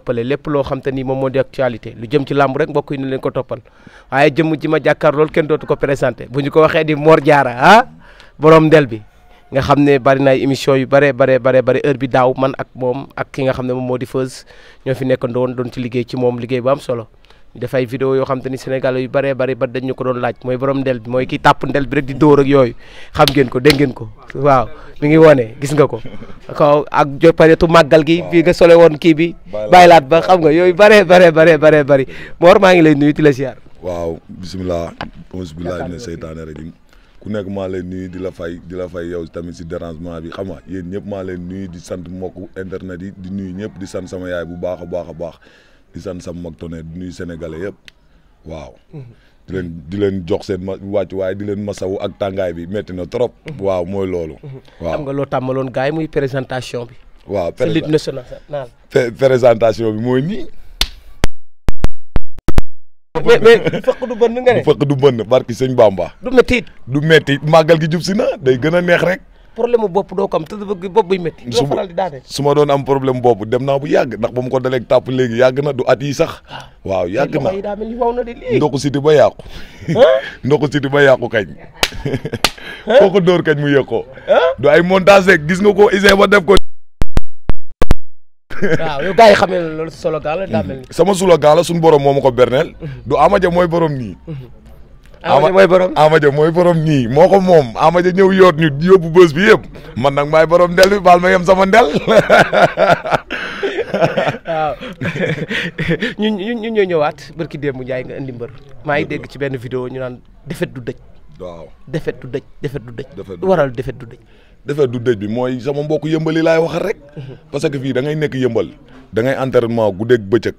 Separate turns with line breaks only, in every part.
pale lépp loo xam ni moom moo di actualité lu jëm ci làmb rek mbokk yi ni leen ko toppal waaye jëmm ji ma jàkkaar lool kenn dootu ko présenté bu ñu ko waxee di Mor Diarra ah borom ndel bi nga xam ne bari na ay émission yu bare bare bare bare heure bi daaw man ak moom ak ki nga xam ne moom moo di Feuz ñoo fi nekk doon doon ci liggéey ci moom liggéey bu am solo def ay vidéo yoo xam te ni sénégalais yu bëree bëri ba dañ ko doon laaj mooy borom ndel bi mooy kii tàpp ndel bi rek di dóor ak yooyu xam ngeen ko dégg ko waaw mi ngi wone gis nga ko kaw ak jo paretu màggal gi bi nga sole woon kii bi bàyyilaat ba xam nga yooyu bëree bëree bare bare bëri Mor maa ngi lay nuyu di la ziar
waaw bisimilah auzu billahi mina seytaane rajim ku nekk maa leen nuyu di la fay di la fay yow tamit si dérangement bi xam nga yéen ñëpp maa leen nuyu di sant mbokk internet yi di nuyu ñëpp di sant sama yaay bu baax a baax a baax di sant sama mag Tonnerre di nuyu sénégalais yëpp waaw. Mhm. di leen di leen jox seen ma wàcc waaye di leen masawu ak tàngaay bi metti na trop. Mhm. waaw mooy loolu. Mhm. waaw xam
nga loo tàmmaloon gars yi muy présentation bi.
waaw présentation bi mooy nii. du bënn du bënn barki sëñ Bamba. du metti du métti màggal gi jub si na day gën a neex rek. problème bopp doo ko am te bopp bay métti. doo faral di daane su ma doon am problème bopp dem naa bu yàgg ndax ba mu ko dalee tàpp léegi yàgg na du at yi sax. Ah. waaw yàgg na ndoxu siti ba yàqu. ndoxu siti ba yàqu kañ. foo ko dóor kañ mu yëg ko. du ay montage gis nga ko Issaoui ba def ko.
waaw yow gars yi xamee loolu
sama solo gaal la borom moom ko berneel. Mm-hmm. du Ama mooy borom nii. Mm-hmm. Ama mooy borom Ama mooy borom nii moo ko moom Ama Dia ñëw yoot ñu yóbbu bës bi yëpp man nag maay borom ndel bi baal ma yem sama ndel.
waaw
ñun ñun ñun ñoo ñëwaat barki démb Ndiaye nga indi mbër. maa ngi dégg ci benn vidéo
ñu naan defet du dëj. waaw defet du dëj defet du dëj. waral defet du dëj. defet du dëj bi mooy sama mbokk yëmbal laay waxal rek. Mhm. parce que fii da nekk yëmbal. da ngay entraînement guddeeg bëccëg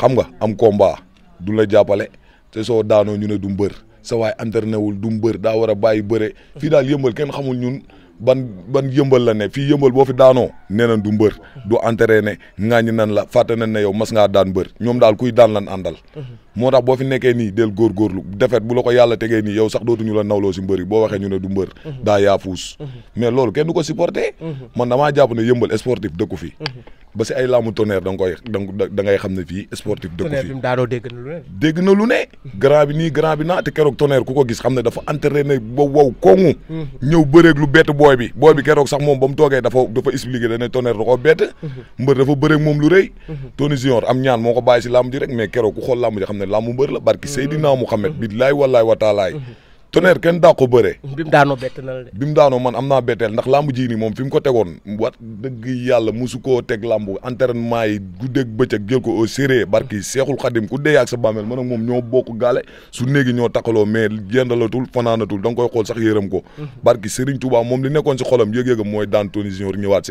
xam nga am combat du la jàppale. te soo daanoo ñu ne du mbër sa wul du mbër daa war a bàyyi bëre fii daal yëmbal kenn xamul ñun ban ban yëmbal la ne fii yëmbal boo fi daanoo nee nañ du entere ne entraîné ŋaañi nan la fàtte nañ ne yow mas ngaa daan bër ñoom daal kuy daan lan àndal mhm. moo tax boo fi nekkee nii del góorgóorlu defet bu ko yàlla tegee nii yow sax dootuñu la nawloo si mbër boo waxee ñu ne du mbër mhm. daa yaafuus mhm. mais loolu kenn du ko supporter mhm. man damaa jàpp ne yëmbal sportif dëkku fi ba si ay laamu tonnerre da nga koy da da ngay xam ne fii sportif dëkku
fi
dégg na lu ne grand bi nii grand bi naa te keroog tonnerre ku ko gis xam ne dafa entraîné ba wow koŋu ñëw bëreeg lu bett booy bi booy bi keroog sax moom ba mu toogee dafa dafa ne làmb mbër la barki mm. Seydina Muhammad mm-hmm. billaay wallaay wa taalaay mm-hmm. tonnerre kenn daa ko bëree
bi mu daanoo bett na la de
bi mu daanoo man am naa betteel ndax làmb ji nii moom fi ko tegoon wat dëgg yàlla musu teg làmb entraînement yi guddeeg bëccëg jël ko au barki seexul xadim ku dee ak sa bàmmeel man moom ñoo bokk gaale su néegi ñoo takaloo mais jendalatul fanaanatul da nga koy xool sax yërëm ko mm-hmm. barki Serigne Touba moom li nekkoon si xolam yëg-yëgam mooy daan Tony Junior ñëwaat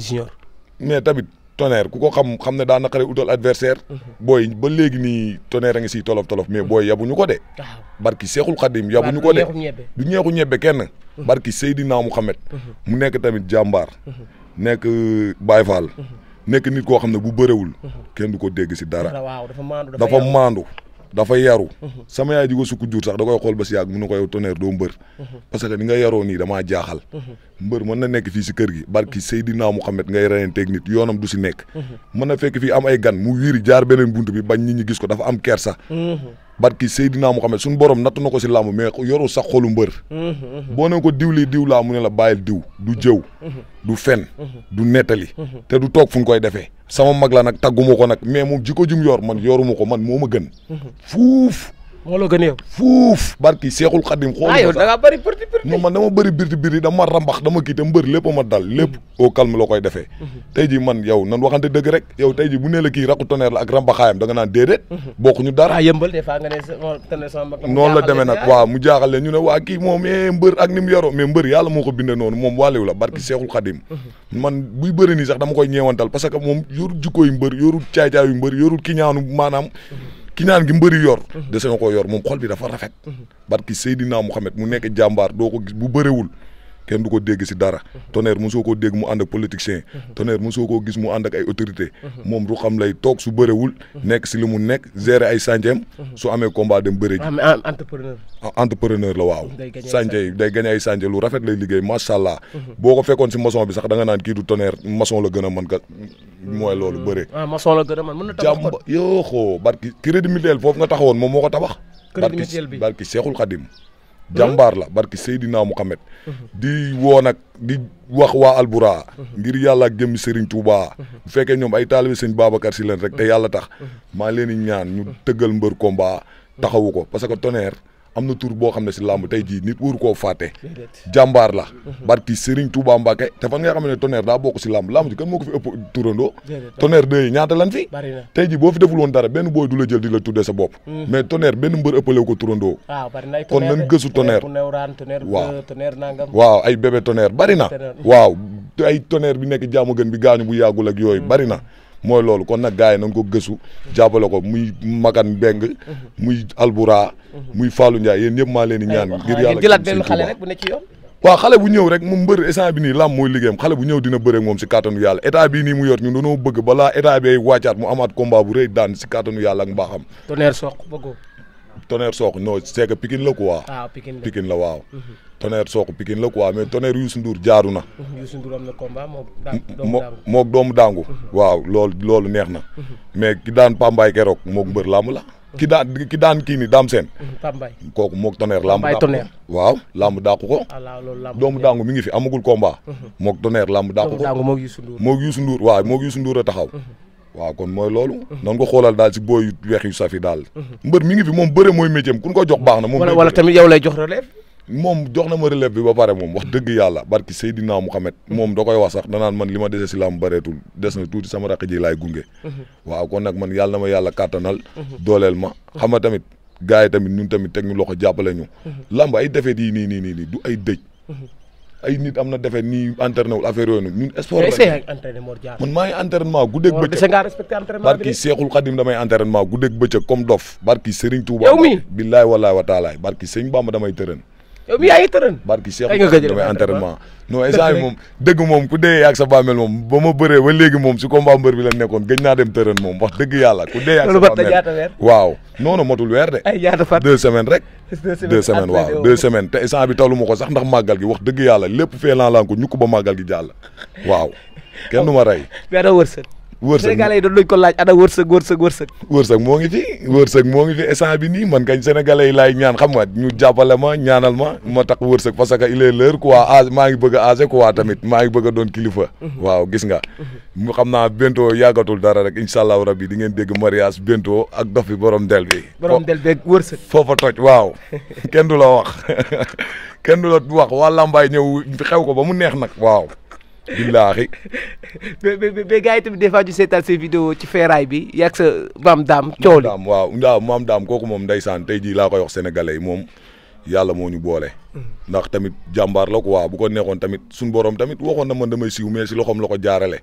si si tonnerre ku ko xam xam ne daa naqare utal adversaire mhm. booy ba léegi nii tonnerre a ngi siy tolof tolof mais mhm. booy yabuñu ko de barki seexul xadim yabuñu ko de du ñeexu ñebbe kenn mhm. barki Seydina Muhammad mu nekk tamit jàmbaar nekk euh, Baye nekk nit koo xam ne bu bëriwul kenn du ko dégg si dara
dafa maandu
dafa yaru sama yaay ji ko sukk jur sax da koy xool ba si yàgg mu ne ko yow tonnerre doo mbër parce ni nga yaroo nii damaa jaaxal mbër mën na nekk fii si kër gi barki Seydina Mouhamed ngay reyanteeg nit yoonam du si nekk mhm. mën na fekk fii am ay gan mu wiiri jaar beneen bunt bi bañ nit ñi gis ko dafa am kersa mhm. barki Seydina Mouhamed suñu borom nattu na ko si làmb mais yoru sax xolu mbër mhm, boo ne ko diw lii laa mu ne la bàyyil diw du jëw du fen du nettali te du toog fu koy defee sama mag la nag tagguma ko nag mais moom jikko jum yor man yoruma ko man moo ma gën fuuf moo la gën a fuuf barki seexul xadim xool ah yow da nga bëri përti përti non man dama bëri birti birti dama rambax dama kii te mbër lépp ma dal lépp mhm. au calme la koy defee mhm. tey ji man yow nan waxante dëgg rek yow tey ji bu nee la kii raqu la ak rambaxaayam da nga naan déedéet mhm. bokk ñu dara ah, yëmbal
la demee nag waaw
mu jaaxal leen waa kii moom eh mbër ak ni mu yoro mais mbër moo ko binde noonu moom waaliw la barki seexul xadim man buy bëri nii sax dama koy ñeewantal ki ñaan gi mbëri yor mhm. dese ko yor moom xol bi dafa rafet mhm. barki Seydina Mouhamed mu nekk jàmbaar doo ko gis bu bëriwul kenn du ko dégg si dara mhm. tonnerre mosoo koo dégg mu ànd ak politicien mhm. tonnerre mosoo koo gis mu ànd ak ay autorité mhm. moom ru xam lay toog su bëriwul nekk si li mu nekk gérer ay chantier su amee combat dem bëri ji ah, entrepreneur ah, entrepreneur la waaw chantier day gagné ay chantier lu rafet lay liggéey macha allah boo ko fekkoon si maçon bi sax da nga naan kii du tonnerre maçon la gën a mën kat mooy loolu mm. bëre
ah, maçon la a mën mën na
tabax jàmba yoo xoo barki crédit mutuel foofu nga taxawoon moom moo ko tabax crédit mutuel bi barki Seexul Xadim jàmbaar la barki Seydina Muhammad di woo di wax waa Albouraa ngir yàlla ak jëmmi Serigne Touba. bu fekkee ñoom ay taalibe sëñ Babacar si leen rek te yàlla tax maa leen di ñaan ñu tëggal mbër combat taxawu ko parce que tonnerre. am na tur boo xam ne si làmb tey jii nit wóoru koo fàtte jàmbaar la mhm. barki Serigne Touba Mbacke te fan nga xam ne tonnerre daa bokk si làmb làmb ji kan moo fi turandoo tonnerre deux ñaata lan fi tey jii boo fi deful woon dara benn booy du la jël di la tuddee sa bop mhm. mais tonnerre benn mbër ëppalew ko turandoo
ah, kon nan gësu tonnerre waaw waaw ay bébé tonnerre bari na waaw
ay tonnerre bi nekk jaamu gën bi gaañu bu yàggul ak yooyu mhm. bari na mooy loolu kon nag gars yi nañ ko gëstu jaabalo ko muy Makan Mbeng muy Albouraa muy Fallou Ndiaye yéen ñëpp maa leen di ñaan ngir yàlla jëlaat benn xale rek bu bu ñëw rek moom mbër instant bi lam làmb mooy liggéeyam xale bu ñëw dina bëre moom si kàttanu yàlla état bii nii mu yor ñu dañoo bëgg balaa état bi ay wàccaat mu amaat combat bu rëy daan si kàttanu yàlla ba mbaaxam Tonnerre Sokh noo c'est que Pikine la quoi. waaw ah, Pikine la waaw. Mhm. Tonnerre Sokh Pikine la quoi mais Tonnerre Youssou Ndour jaaru na.
Mhm, Youssou Ndour
doomu daangu mhm. waaw loolu loolu neex na. mais ki daan Pambaay keroog moog mbër la. ki daan ki daan kii ni daam seen. Pambaay kooku moog Tonnerre. làmb dàqu ko waaw làmb dàqu ko. Ah, doomu daangu mi ngi fi amagul combat. moog Tonnerre làmb dàqu ko. moog Youssou Ndour moog Youssou Ndour waaw moog Youssou Ndour a taxaw. waaw kon mooy loolu. nan ko xoolal daal si booy weex yu safi daal. mbër mi ngi fi moom bëre mooy métier ku ko jox baax na. moom wala wala tamit yow lay jox moom jox na ma relève bi ba pare moom wax dëgg yàlla barki Seydina Mouhamed moom da koy wax sax danaan man li ma dese si làmb bareetul des na tuuti sama raq ji laay gunge. waaw kon nag man yàlla na ma yàlla kàttanal. dooleel ma xam nga tamit gars yi tamit ñun tamit teg ñu loxo jàppale ñu. làmb ay defet yi ni nii nii du ay dëj. ay nit am na defe nii entraîné wul affaire yooyu nag ñun sport
la
man maa ngi entraînement guddeeg bëccëg barki Seexul Xadim damay dof barki Serigne Touba billaay wallaay wa taalaay barki Serigne Bamba damay tërën yow bi yaay tërën barki Cheikh damay entraînement non instant yi moom dëgg moom ku dee ak sa bàmmeel moom ba ma bëree ba léegi moom si combat mbër bi la nekkoon gëj naa dem tërën moom wax dëgg yàlla ku dee ak sa bàmmeel waaw non non motul weer de ay ñaata rek deux semaines te instant taluma ko sax ndax màggal gi wax dëgg yàlla lépp fee lan lan ko ñukk ba màggal gi jàll waaw kenn du rey wërsëg sénégalais yi doon nañ ko laaj ana wërsëg wërsëg wërsëg wërsëg moo ngi fi wërsëg moo ngi fi instant bi nii man kañ sénégalais yi laay ñaan xam nga ñu jàppale ma ñaanal ma ma tax wërsëg parce que il est l'heure quoi âge maa ngi bëgg a âgé quoi tamit maa ngi bëgg a doon kilifa mhm. waaw gis nga mu mhm. xam naa bientôt yàggatul dara rek incha allahu rabbi di ngeen dégg mariage bientôt ak dof bi borom del bi borom del bi ak wërsëg foofa toj waaw kenn du la wax kenn du la wax waa lambaay ñëw xew ko ba mu neex nag waaw billaahi. mais be gars yi tamit des fois ñu seeta say vidéo ci feeraay bi yàgg sa maam daam coow li. waaw waaw maam daam kooku moom ndeysaan day jii laa koy wax sénégalais yi moom yàlla moo ñu boole. ndax tamit jàmbaar la quoi bu ko neexoon tamit suñ borom tamit waxoon na man damay siiw mais si loxoom la ko jaarale.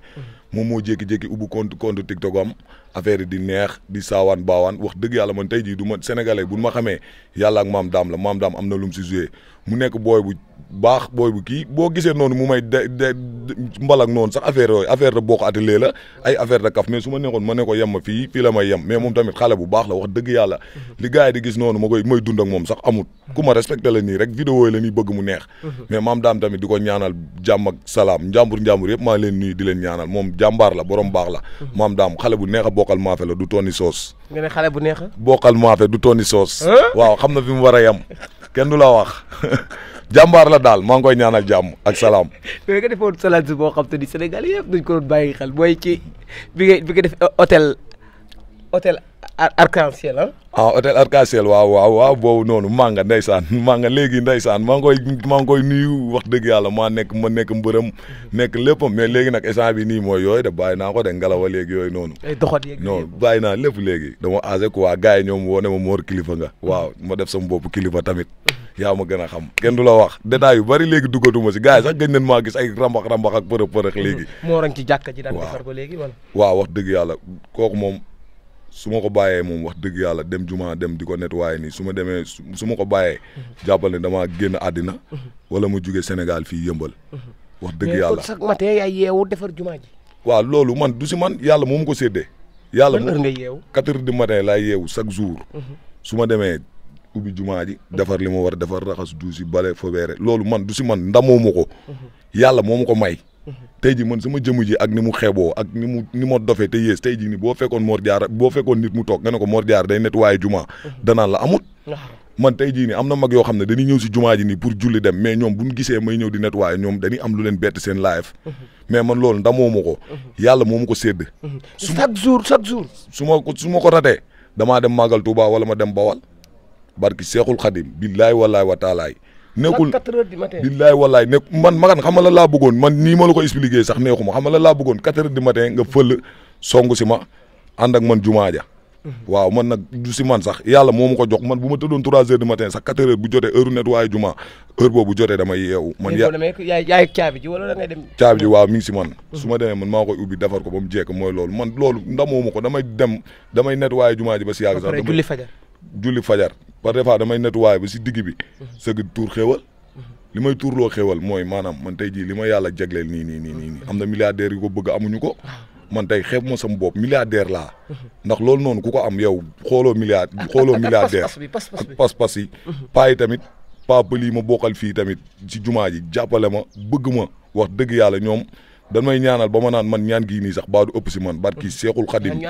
moom moo jékki-jékki ubbi compte compte TikTok am affaire yi di neex di saawaan baawaan wax dëgg yàlla man ma sénégalais bu ma xamee na lu mu si joué mu nekk booy bu baax booy boo gisee noonu mu may de de mbalak noonu sax affaire la ay affaire da kaf ma ko yem ma fii fii la may yem mais moom la wax dëgg yàlla li gars yi di gis noonu ma koy may dund moom sax amut ku ma la nii rek vidéo wooy la ñuy bëgg mu neex mhm. mais maam daam tamit di ko ñaanal jàmm ak salaam njàmbur njàmbur yëpp maa leen nuyu di leen ñaanal moom jàmbaar la borom baax la mhm. maam daam xale bu neex a maafe la du tonni soos
nga ne xale bu a
bokkal maafe du tonni soos waaw xam na fi mu war a yem kenn du la wax jàmbaar la daal maa ngi koy ñaanal jàmm ak salaam.
mais nga defoon salade boo xam te ni Sénégal yëpp dañ ko doon bàyyi xel mooy ci bi nga bi nga Ah, hôtel arc-en-ciel ah.
ah hôtel arc waaw waaw boobu noonu Manga ndeysaan Manga léegi ndeysaan maa ngi koy maa ngi koy nuyu wax dëgg yàlla maa nekk ma nekk mbërëm nekk léppam mais léegi nag instant bi nii mooy yooyu de bàyyi naa ko de ngelaw léegi yooyu noonu. ay doxat yeeg non bàyyi lépp léegi. dama âgé quoi gars yi ñoom woo ne ma moor kilifa nga. waaw ma def sama bopp kilifa tamit. yaa ma gën a xam kenn du la wax détails yu bari léegi duggatuma si gars yi sax gëj nañ maa gis ay rambax rambax ak përëx përëx léegi. moo ci jàkka ko léegi dëgg yàlla kooku moom su ma ko bàyyee moom wax dëgg yàlla dem jumaa dem di ko waaye nii su ma demee su ma ko bàyyee. Mhm. jàppal ne damaa àddina. Mhm. wala mu jugee Sénégal fii yëmbal. Mhm. wax dëgg yàlla mais
sax matin yaay ji.
waaw loolu man du si man yàlla moom ko séddee. yàlla moom nga yeewu quatre heures du matin yeewu chaque jour. su ma demee ubbi jumaa ji. defar li ma war a defar raxas duusi bale fobeere loolu man du si man ndamoo ma ko. yàlla moo ma ko may. tey ji man sama jëmu ji ak ni mu xeeboo ak ni mu ni ma dofee te yées tey ji ni boo fekkoon Mor Diarra boo fekkoon nit mu toog nga ne ko Mor Diarra day nettoyé juma mhm. danaan la amut man tey jii ni am na mag yoo xam ne dañuy ñëw si jumaa ji nii pour julli dem mais ñoom bu ñu gisee may ñëw di nettoyer ñoom dañuy am lu leen bett seen live mhm. mais man loolu ndamoo ma ko mhm. yàlla moo ma ko sédd chaque jour chaque jour su ma ko su ma ko ratee damaa dem màggal Tuubaa wala ma dem ba Bawal barki Seexul Xadim billaay walaay wa taalaay nekkul quatre heures du matin billaay wallaay nekk man magan xam nga la bëggoon man nii ma la ko expliqué sax neexu ma xam nga la laa bëggoon quatre heures du matin nga fël song si ma man jumaa ja waaw man nag du si man sax yàlla ko jox man bu ma tëddoon trois heures du matin sax quatre heures bu jotee heure nettoyé juma heure boobu jotee damay yeewu. man
yaay caabi ji wala
ji waaw mi ngi si man. ma demee man maa ko ubbi defar ko ba mu jekk mooy loolu man loolu ndamoo ma ko damay dem damay nettoyé juma ji ba si yàgg sax. ba julli fajar par des fois damay nettuwaay ba si digg bi sëgg tuur xéewal li may tuurloo xéewal mooy maanaam man tey ji li ma yàlla jagleel ni nii nii nii am na milliardaires yu ko bëgg ñu ko man tey xeeb ma sama bopp milliardaire laa ndax loolu noonu ku ko am yow xooloo milliard ah, xooloo ah, ah, milliardaire ak pas-pas yi paa yi tamit paa pël yi ma bokkal fii tamit ci jumaa ji jàppale ma bëgg ma wax dëgg yàlla ñoom dan may ñaanal ba ma naan man ñaan gii nii sax baa du ëpp si man barki Seexul Xadim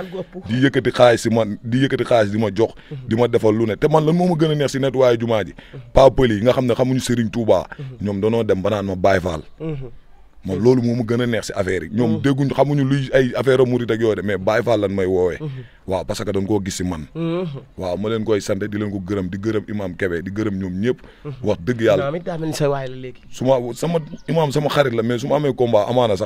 di yëkkati xaalis si man di yëkkati xaalis di ma jox di ma defal lu ne te man lan moo ma gën a neex si nettoyé jumaa ji mm-hmm. papal yi nga xam ne xamuñu Serigne Touba mm-hmm. ñoom danoo dem ba naan ma Baye Fall mm-hmm. man loolu moo mu gën a neex si affaire yi. ñoom mm-hmm. dégguñ xamuñu luy ay affaire murit ak yooyu de mais Baye Fall lan may woowee. Mm-hmm. waaw parce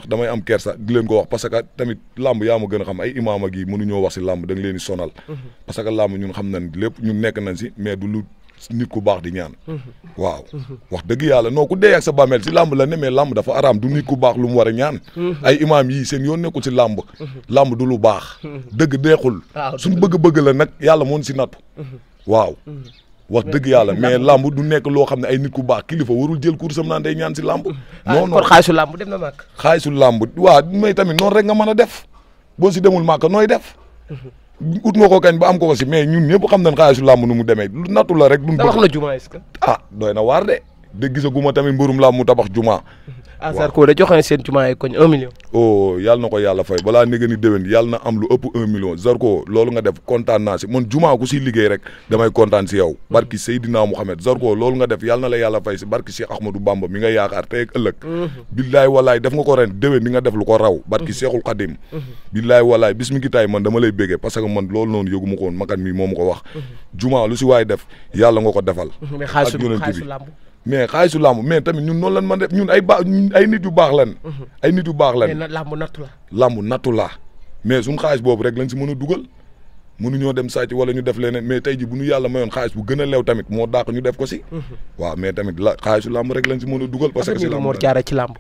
damay am kersa di leen ko wax parce tamit làmb yaa ma gën a xam ay imaam ak yi mënuñoo wax si làmb da leen sonal. Mm-hmm. parce làmb ñun xam nañ lépp ñun nekk nañ si mais du lu nit ku baax di ñaan. Mm-hmm. waaw mm-hmm. wax dëgg yàlla noo ku dee ak sa bàmmeel si làmb la ne mais làmb dafa araam du nit ku baax lu mu war a ñaan. Mm-hmm. ay imaam yii seen yoon nekkul si làmb. làmb du lu baax. dëgg deexul. suñu bëgg-bëgg la nag yàlla moon si nattu. waaw. wax dëgg yàlla mais làmb du nekk loo xam ne ay nit ku baax kilifa warul jël kursam naan day ñaan si làmb. non ah, non kon dem na màkk. xaalisu làmb waaw mais tamit noonu rek nga mën a def boo si demul màkk nooy def. ut nga ko kañ ba am ko ko si mais ñun ñëpp xam nañ xaalisu làmb nu mu demee lu nattu rek. lu mu bëgg wax na jumaa est-ce que. ah doy na waar de. de gisaguma tamit mbërum làmb mu jumaa Sarko da joxe seen jumaa yi koñ un million oh yàlla na ko yàlla fay balaa négé ni déwén yàlla na am lu ëpp un million Zarko loolu nga def kontaan naa si man jumaa ku si liggéey rek damay kontaan si yow mm-hmm. barki Seydina Mouhamed Zarko loolu nga def yàlla na la yàlla fay si barki Cheikh Ahmadou Bamba mi nga yaakaar tey ëllëg mm-hmm. billaay walaay def nga ko ren déwén di nga def lu ko raw barki mm-hmm. si waay def yàlla nga ko defal ak yonent man def ñun ay nit yu baax lan mhm. ay nit yu baax lan
làmb nattu la
làmb nattu la mais suñu xaalis boobu rek lañ si mën a dugal mënuñoo dem sàcc wala ñu def leneen mais tey ji bu ñu yàlla mayoon xaalis bu gën a leew tamit moo dàq ñu def ko si mhm. waaw mais tamit la xaalisu làmb rek lañ si mën a dugal parce que si ci làmb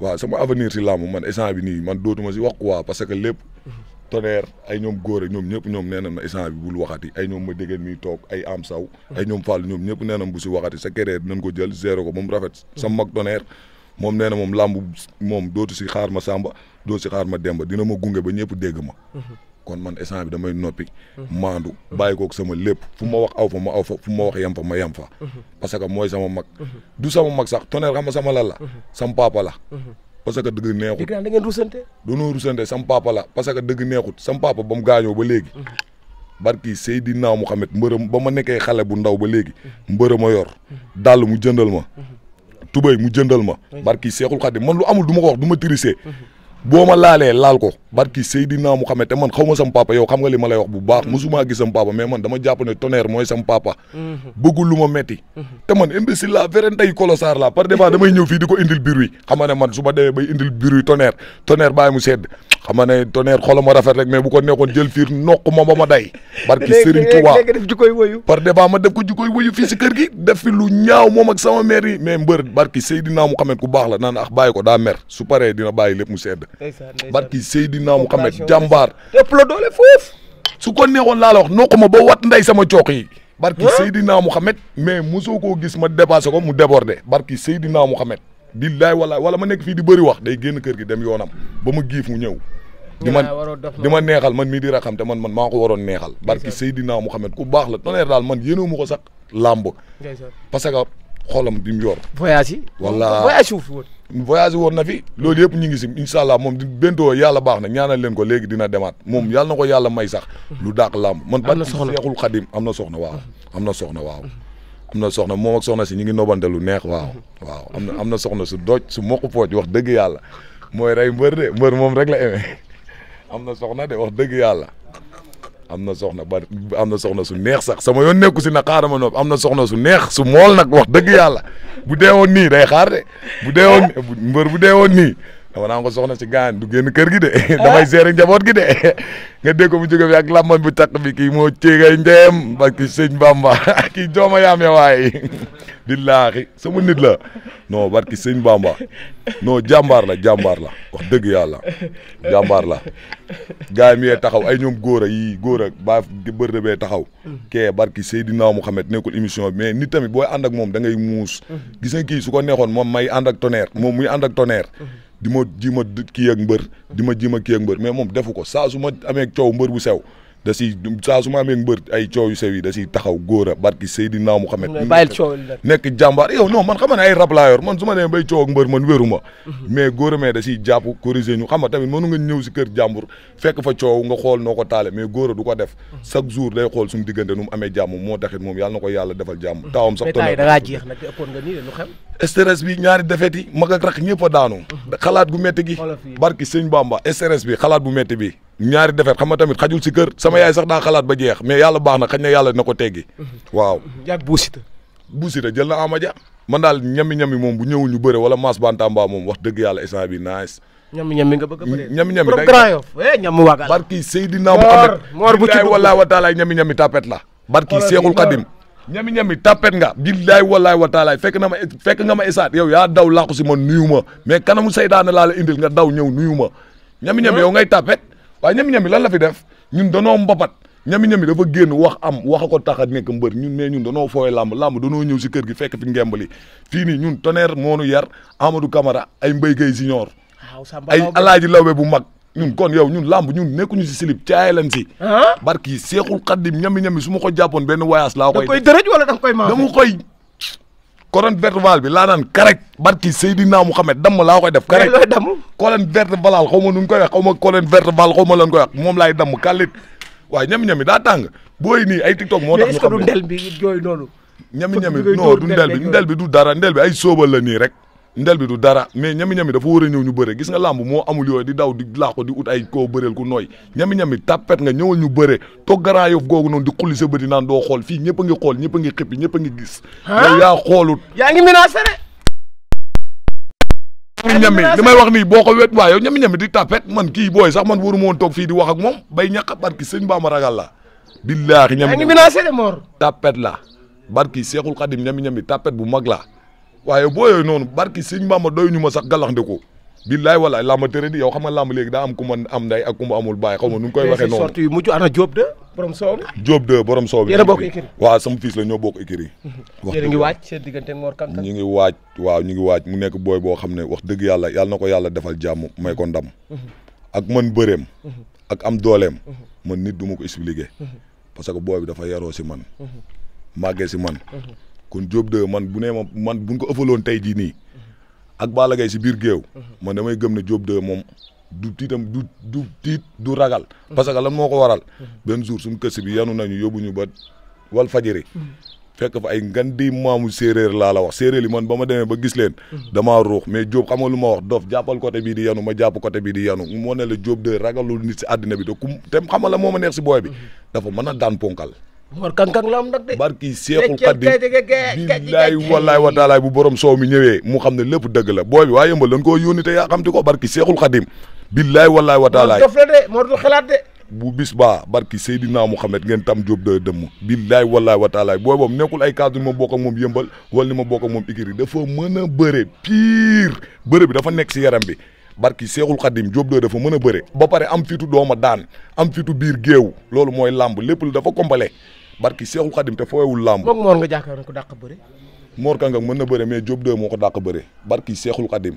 waaw sama avenir si làmb man instant man dootuma si wax quoi parce que lépp mhm. tonnerre ay ñoom góore ñoom ñëpp ñoom nee na instant bi bul waxati ay ñoom ma déggeen miy toog ay am saw ay ñoom fàll ñoom ñëpp nee na bu si waxati sa carrière dinañ ko jël zéro ko ba mu rafet sa mag tonnerre moom nee na moom làmb moom dootu si xaar ma sàmba dootu si xaar ma demba dina ma gunge ba ñëpp dégg ma. kon man instant bi damay noppi. maandu bàyyi kook sama lépp fu ma wax aw fa ma aw fa fu ma wax yem fa ma yem fa. parce que mooy sama mag. du sama mag sax tonnerre xam nga sama lan la. sam papa la. parce que dëgg neexut dégg naa da ngeen rusante. doonoo sam papa la parce que dëgg neexut sam papa ba mu gaañoo ba léegi. barki Seydina Muhammad mbërëm ba ma nekkee xale bu ndaw ba léegi. mbërëm a yor. dal mu jëndal ma. tubéy mu jëndal ma barki Seexul Xaadim man lu amul du ma ko du ma tirisee mhm. boo ma laalee laal ko barki Seydina Muhammad te man xaw ma sam papa yow xam nga li ma lay wax bu baax mm-hmm. mosumaa gis sam papa mais man dama jàpp ne mooy sam papa mm-hmm. bëggul lu ma metti mm-hmm. te man imbécile la verentey colossar la par débat damay ñëw fii ko indil biir yi ne man su ma bay indil biir yi tonnerre tonnerre mu sedd xam ne tonnerre xolam a rafet rek mais bu ko nekkoon jël fiir noq ma ma day barki Serigne Touba def jikoy ma def barki Seydina Muhammad ah, mu sedd barki Seydina Seydina Muhammad jàmbaar ëpp la doole foofu su ko neexoon laa la wax noo ko ma ba wat nday sama coox yi barki Seydina Muhammad mais mosoo koo gis ma dépassé ko mu débordé barki Seydina Muhammad billaay wala wala ma nekk fii di bëri wax day génn kër gi dem yoonam ba mu giif mu ñëw di ma di ma neexal man mii di raxam te man man maa ko waroon neexal barki Seydina Muhammad ku baax la Tonnerre daal man yéenoo ma ko sax làmb parce que xoolam bi mu yor voyage yi wala voyage wu fi woon voyage woon na fi loolu yëpp ñu ngi si incha allah moom bentoo yàlla baax na ñaanal leen ko léegi dina demaat moom yàlla ko yàlla may sax lu dàq làmb man ba seexul xadim am na soxna waaw am na soxna waaw am na soxna moom ak soxna si ñu ngi nobante lu neex waaw waaw am na am na soxna su doj su moqu pooj wax dëgg yàlla mooy rey mbër de mbër moom rek la amee am na soxna de wax dëgg yàlla am na soxna ba am na soxna su neex sax sama yoon nekku si na xaaral ma nopp am na soxna su neex su mool nag wax dëgg yàlla bu dee woon nii day xaar de bu dee woon mbër bu dee woon nii dama naan ko soxna si gaan du génn kër gi de. Eh? damay seere njaboot gi de. nga dégg ko mu jóge fi ak lammoñ bu taq bi kii moo ceegay ndeem ba ki sëñ Bamba kii jooma yaame waay billaahi sama nit la non barki sëñ Bamba non jàmbaar la jàmbaar la wax dëgg yàlla jàmbaar la gars yi taxaw ay ñoom góor a yii góor a baa bërë bee taxaw kee barki Seydina Mouhamed nekkul émission bi mais nit tamit booy ànd moom da ngay muus mm-hmm. gis nga kii su ko neexoon moom may ànd ak tonnerre moom muy ànd ak di ma ji ma kii ak mbër di ma ji ma kii ak mbër mais moom defu ko saa su ma amee coow mbër bu sew da si saa su ma amee mbër ay coow yu sew yi da si taxaw góor a barki Seydina Muhammad nekk jàmbaar man xam ne ay rab laa man su ma demee bay coow ak mbër man wéru ma mhm. mais góor a mais da siy jàpp corriger ñu xam nga tamit mënu nga ñëw si kër jàmbur fekk fa coow nga xool noo ko taale mais góor a du ko def mhm. chaque jour day xool suñu diggante nu mu amee jàmm moo taxit moom yàlla na ko yàlla defal jàmm taawam sax stress bi ñaari defet yi mag rakk ñëpp a daanu. Mhm. xalaat gu métti gi. barki sëñ Bamba stress bi xalaat bu métti bi. ñaari defet xam nga tamit xajul si kër sama yaay sax daa xalaat ba jeex mais yàlla baax na xañ na yàlla na ko teggi. Mhm. waaw yàgg buusita. buusita jël na Amadia. man daal ñami ñami moom bu ñëwul ñu bëre wala Mass Bantamba moom wax dëgg yàlla instant bi nice. ñami ñami nga bëgg a bëree. ñami ñami day grand yof eh ñamu waagaal. barki Seydina Muhammad. Mor ñami ñami tapet nga. billaay wallaay wa taalaay fekk na ma fekk nga ma esaat yow yaa daw làqu si ma nuyu ma mais kanamu seytaane laa la indil nga daw ñëw nuyu ma. ñami ñami yow ngay tapet waaye ñami ñami lan la fi def ñun danoo mbapat ñami ñami dafa génn wax am wax ko tax a nekk mbër ñun mais ñun danoo fooy làmb làmb danoo ñëw si kër gi fekk fi ngembali fii nii ñun tonnerre moonu yar Amadou Camara ay Mbaye Guèye Junior ay alaaji lawbe bu mag ñun kon yow ñun làmb ñun nekkuñu si slip caay lan si. Ah? barki seexul xaddim ñami ñami su ma ko jàppoon benn voyage laa koy. da koy dërëj wala da koy dama koy. colonne vertébrale bi laa naan karek barki Seydina Mouhamed damm laa koy def. karek looy damm colonne vertébrale xaw ma nu ñu koy wax xaw ma colonne vertébrale xaw ma lan koy wax moom laa damm kàllit waaye ñami-ñami daa tàng booy nii ay tiktok moo tax ñu xam. mais est-ce que du ndel bi jooy noonu. ñami-ñami non du ndel du dara ndel bi ay sóobal la nii rek ndel bi du dara mais ñami-ñami dafa war a ñëw ñu bëre gis nga làmb moo amul yooyu di daw di laako di ut ay koo bëreel ku nooy ñami-ñami tàppet nga ñëwal ñu bëre toog Grand Yoff googu noonu di xulli sa naan doo xool fii ñëpp a ngi xool ñëpp a ngi xippi ñëpp a ngi gis yow yaa xoolut
yaa ngi menacé
ñami li may wax nii boo ko wet waaye yow ñami-ñami di tàppet man kii booy sax man waru ma woon toog fii di wax ak moom bay ñàq barki sëñ ma ragal la di billaahi ñami tàppet la barki Seexul Xadim ñami-ñami tàppet bu mag la waaye booyooyu noonu barki sëñ Bamba doy ñu ma sax gàllankoor. billaay walaay làmb tëre di yow xam nga làmb léegi daa am ku man am nday ak ku ma amul baay xaw ma nu koy waxee noonu a bokk écurie waaw sama fils la ñoo bokk écurie wax yéen a ngi ñu ngi waaj waaw ñu ngi waaj mu nekk booy boo xam ne wax dëgg yàlla yàlla na ko yàlla defal jàmm may ko ndam mm-hmm. ak man bëreem mm-hmm. ak am dooleem mm-hmm. man nit du ma ko expliquer parce que booy bi dafa yaroo si man màggee si man kon Diop de man bu nee ma man buñ ko ëffaloon tey jii nii ak Balla Gaye si biir géew man damay gëm na Diop de moom du tiitam du du tiit du ragal parce que lan moo ko waral benn jour suñu kësi bi yanu nañu yóbbuñu ba wal fajiri fekk fa ay ngan di maamu séeréer laa la wax séeréer yi man ba ma demee ba gis leen damaa ruux mais Diop xam nga lu ma wax dof jàppal côté bii di yanu ma ko côté bii di yanu moo ne la Diop de ragalul nit si àddina bi te ku te xam nga la moo ma neex si booy bi dafa mën a daan ponkal Mor kankang la am nag de. barki Seexul
Xadiim
billaay wallaay wa taalaay bu borom soow mi ñëwee mu xam ne lépp dëgg la booy bi waa yëmbal dañ koo yónni te yaa xam ti ko barki Seexul Xadiim billaay wallaay wa taalaay dof
la de Mor du xalaat de.
bu bis baa barki Seydina Mouhamed ngeen tam Diop de dëmm billaay wallaay wa taalaay booy boobu nekkul ay cadre ni ma bokk ak moom yëmbal wala ni ma bokk ak moom Ikiri dafa mën a bëre pire bëre bi dafa nekk si yaram bi barki Seexul Xadim Diop de dafa mën a bëre ba pare am fitu dooma daan am fitu biir géew loolu mooy làmb lépp lu dafa kombale barki Seexul Xadim te fooyewul làmb. moom Mor
nga jàkkaarloo ko dàq bëre.
Mor mën na bëre mais Diop 2 moo ko dàq bëre barki Seexul Xadim.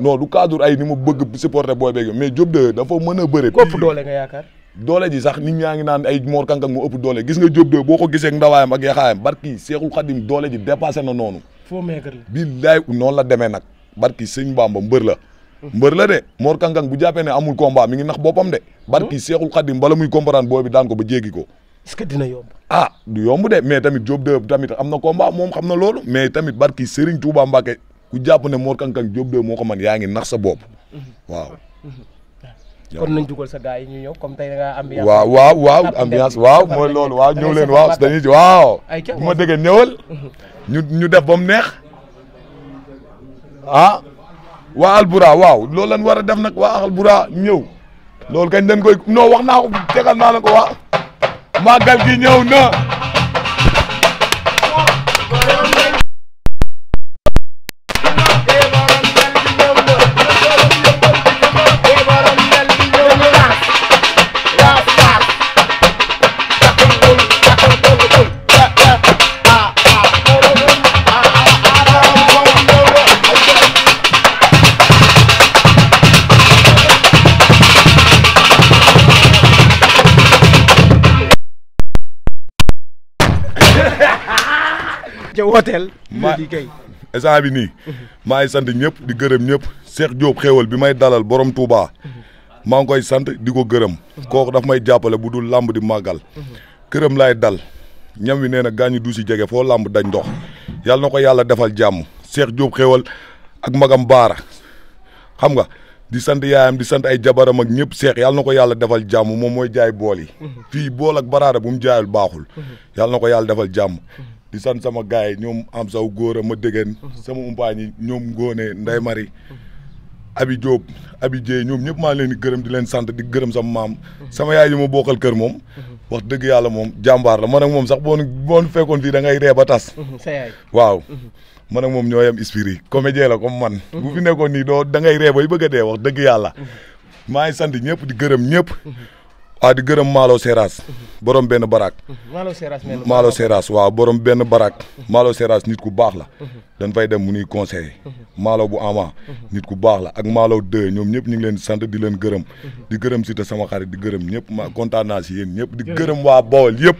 non du cadre ay ni ma bëgg supporter booy beeg mais Diop 2 dafa mën a kopp doole nga yaakaar. doole ji sax nit ñaa ngi naan ay Mor Kangam moo ëpp doole gis nga Diop boo ko gisee ak ndawaayam ak yaxaayam barki Seexul Xadim doole ji dépassé na noonu. foo meegar la noonu la demee nag barki sëñ Bamba mbër la mbër la de Mor bu jàppee ne amul combat mi ngi nax boppam de barki Seexul Xadim bala muy comprendre booy bi daan ko ba jéggi ko est dina yomb. ah du yombu de mais tamit job de tamit am na combat moom xam na loolu mais tamit barki Serigne Touba Mbacke ku jàpp ne Mor Kang Kang Diop moo ko man yaa ngi nax sa bopp mm-hmm. waaw. Mm-hmm. nañ
dugal sa gars yi ñu ñëw comme tey waaw waaw waaw ambiance waaw mooy loolu waaw ñëw leen waaw dañuy ci waaw. bu ma déggee ñëwal. Mm-hmm.
ñu ñu def ba mu neex. ah. Albura waaw loolu lañ war a def nag waa Albura ñëw. loolu kañ dañ koy non wax naa ko tegal naa la ko waa. màggal gi ñëw na ooteel. ma instant bi nii. maa ngi sant ñëpp di gërëm ñëpp. Cheikh Diop xéewal bi may dalal borom Touba. maa ngi koy sant di ko gërëm. kooku daf may jàppale bu dul làmb di màggal. këram laay dal. ñam wi nee na gaañu du si jege foo làmb dañ ndox. yàlla na ko yàlla defal jàmm. Cheikh Diop xéewal ak magam Baara. xam nga di sant yaayam di sant ay jabaram ak ñëpp seex yàlla na ko yàlla defal jàmm moom mooy jaay bool yi. Mm-hmm. fii bool ak baraada bu mu jaayul baaxul. Mm-hmm. yàlla na ko yàlla defal jàmm. di sant sama gars yi ñoom am saw góor a ma dëggeen sama umpaañ yi ñoom ngóone nday mari abi Diop abi Dieye ñoom ñëpp maa leen di gërëm di leen sant di gërëm sama maam sama yaay yi ma bokkal kër moom wax dëgg yàlla moom jàmbaar la man ak moom sax boonu boonu fekkoon fii da ngay ree ba tas waaw man ak moom ñoo yem esprit comédien la comme man bu fi nekkoon nii doo da ngay ree bay bëgg a dee wax dëgg yàlla maa sant ñëpp di gërëm ñëpp a ah, di gërëm Malo Seras. borom benn baraak. Malo Seras Malo Seras waaw borom benn baraak. Malo Seras nit ku baax la. dañ fay dem mu nuy conseiller. Malo bu ama nit ku baax la ak Malo 2 ñoom ñëpp ñu ngi leen di sant di leen gërëm. di gërëm si te sama xarit di gërëm ñëpp ma kontaan naa si yéen ñëpp. di gërëm waa Bawol yëpp.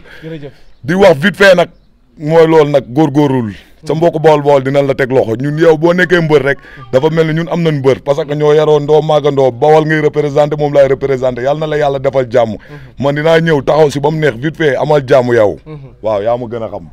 di wax vite fait nag. mooy loolu nag góorgóorul sa mbokk bool bool dina la teg loxo ñun yow boo nekkee mbër rek dafa mel ni ñun am nañ mbër parce que ñoo yaroo ndoo maagandoo bawal ngay représenté moom laay représenté yàlla na la yàlla defal jàmm mhm. ma dinaa ñëw taxaw si ba mu neex vite fait amal jàmm yow mhm. waaw yaa ma gën a xam